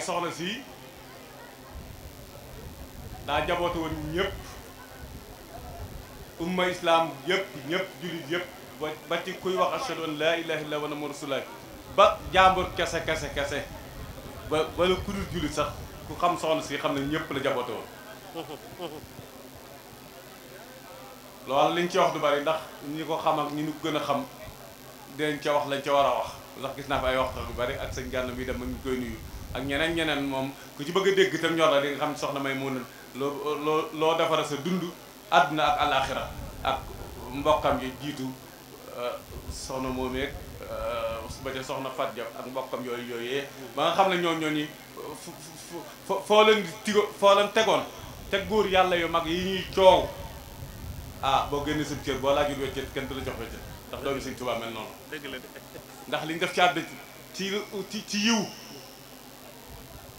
waaye soxna si daa jaboote woon ñëpp umma islaam yëpp ñëpp jullit yëpp ba ci kuy wax ashhadu an laa ilaaha illallaah wa anna muhammadan rasuulullaah ba jàmbur kese kese kese ba ba la ku jullit sax ku xam soxna si xam ne ñëpp la jaboote woon loolu liñ ci wax lu bari ndax ñi ko xam ak ñi ñu gën a xam dinañ ca wax lañ ca war a wax ndax gis naa fi ay wax yu bari ak sëñ gànn mi dem ma ngi koy nuyu ak ñeneen ñeneen moom ku ci bëgg dégg te ñor la di nga xam soxna may mun loo loo loo defara sa dund àdduna ak alaxira ak mbokkam yi jiitu euh, soxna moomeeg euh, ba ca soxna Fat Diop ak mbokkam yooyu yooyee ba nga xam ne ñoo ñoo ni foo leen tigo foo leen tegoon teg góor yàlla yu mag yi ñuy coow ah boo génnee sa cër boo laajul weccet kenn du la jox weccet ndax doomi Sëñ Tuubaa mel noonu ndax liñ def ci àdduna ci ci yiw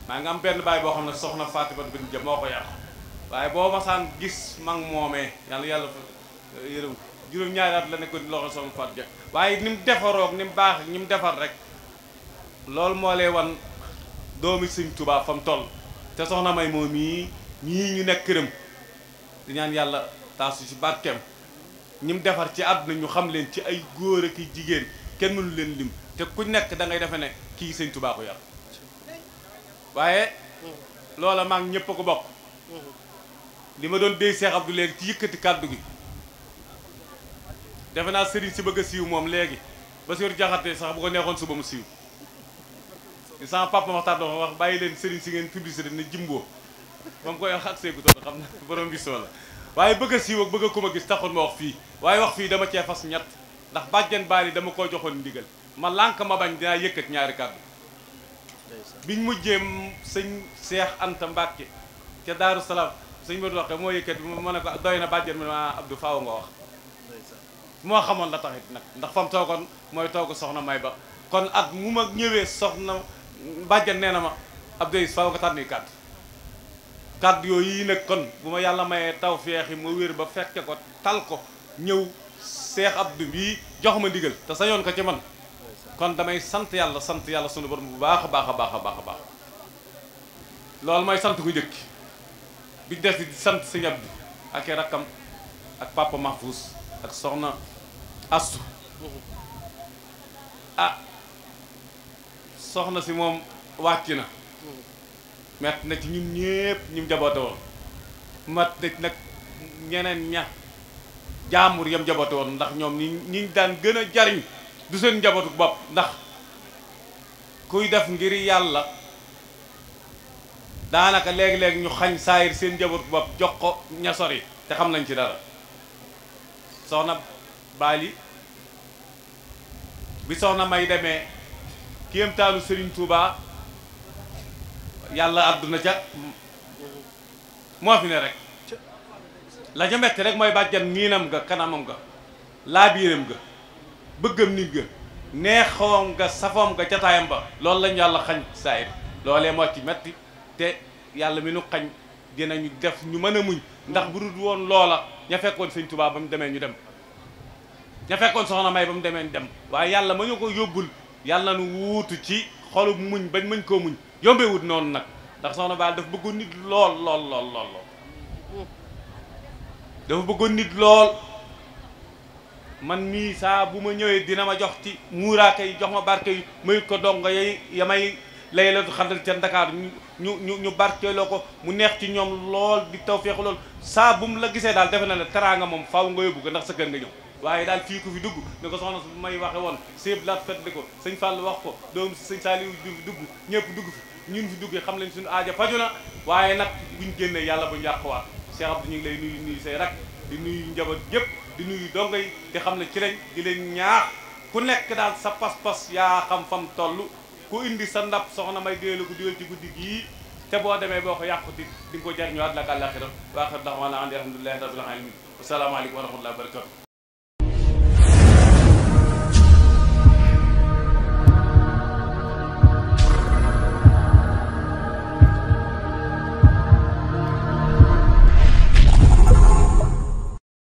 maa ngi am benn baay boo xam ne soxna Fatima bin Dia moo ko yar waaye boo masaan gis mag moomee yàlla yàlla euh, yërëm juróom-ñaari at la nekkoon loxo soxna Fatou Dia waaye ni mu defaroog ni baax ni mu defar rek loolu moo lay wan doomi Sëñ tubaab fa mu toll te soxna may moom mii ñii ñu nekk këram di ñaan yàlla taasu ci barkeem ñi mu defar ci àdduna ñu xam leen ci ay góor ak i jigéen kenn mënu leen lim te ku nekk da ngay defe ne kii Sëñ Tuubaa ko waaye loola maa ngi ñëpp a ko bokk li ma doon déy Seex Abdu léegi ci yëkkati kàddu gi defe naa sëriñ si bëgg a siiw moom léegi ba Basiiru Jaxate sax bu ko neexoon suba mu siiw di sama papa waxtaan dafa wax bàyyi leen sëriñ si ngeen publicité na jimboo ba mu koy wax ak seegu toon xam na borom gisoo la waaye bëgg a siiw ak bëgg a ma gis taxoon ma wax fii waaye wax fii dama cee fas ñett ndax bàjjen baal yi dama koo joxoon ndigal ma lànk ma bañ dinaa yëkkat ñaari kàddu biñ mujjee sëñ Cheikh Anta Mbacke ca Daaru Salaam sëñ Modou Rokhaya moo yëkkati ma ne ko doy na bàjjen ma ne ah, Abdou faaw nga wax moo xamoon la taxit nag ndax fam toogoon mooy toogu soxna may ba kon at mu ma ñëwee soxna bàjjen nee na ma Abdou faaw nga tànnuy kàddu kàddu yooyu yi nag kon bu ma yàlla mayee taw feexi ma wér ba fekke ko tal ko ñëw Cheikh Abdou bii jox ma ndigal te sañoon ko ci man kon damay sant yàlla sant yàlla sunu borom bu baax a baax a baax a baax a baax loolu mooy sant ku jëkk bi des di sant sëñ Abdu ak i rakkam ak papa Mahfouz ak soxna Astu ah soxna si moom wàcc na mett na ci ñun ñépp ñu jaboote woon mat na nag ñeneen ña jaamur yam jaboote woon ndax ñoom ñi ñi daan gën a jariñ du seen njabootu bopp ndax kuy def ngir yàlla daanaka léeg-léeg ñu xañ saayir seen njabootu bopp jox ko ña sori te xam nañ ci dara soxna Bali bi soxna may demee kéemtaanu Serigne tuubaa yàlla àdduna ca moo fi ne rek la ca metti rek mooy bàjjan miinam nga kanamam nga laabiiram ga bëggam nit ga neexoom nga safoom nga jataayam ba loolu lañu yàlla xañ saa saayir loolee moo ci metti te yàlla mi nu xañ dinañu def ñu mën a muñ ndax bu woon loola ña fekkoon sëñ Tuubaa ba mu demee ñu dem ña fekkoon soxna may ba mu demee ñu dem waaye yàlla ma ñu ko yóbbul yàlla nu wuutu ci xolu muñ bañ mañ koo muñ yombee wut noonu nag ndax soxna baal dafa bëggoon nit lool lool lool lool lool mm. dafa bëggoon nit lool man mii saa bu ma ñëwee dina ma jox ci muuraake yi jox ma barke yi muy ko dongo yay yamay laylatu xadar ca Ndakaaru ñu ñu ñu barkeeloo ko mu neex ci ñoom lool di taw feexu lool saa bu mu la gisee daal defe na ne teraanga moom faw nga yóbbu ko ndax sa kër nga ñëw waaye daal fii ku fi dugg ni ko soxna su may waxe woon sëb laat fetli ko sëñ Fall wax ko doom sëñ Saliou dugg ñëpp dugg ñun fi duggee xam lañ suñu aaja faju na waaye nag buñ génnee yàlla buñ yàquwaat Cheikh Abdou ñu ngi lay nuyu nuyu di nuyu njaboot yëpp di nuyu dongo yi di xam ne ci lañ di leen ñaax ku nekk daal sa pas-pas yaa xam fam toll ku indi sa ndab soxna may déelu ko diwel ci guddi gii te boo demee boo ko yàquti di nga ko jariñu àdduna ak àllaaxira waaxir daxwaana an alhamdulillahi rabbil alamin asalaamaaleykum wa rahmatullahi wa barakatu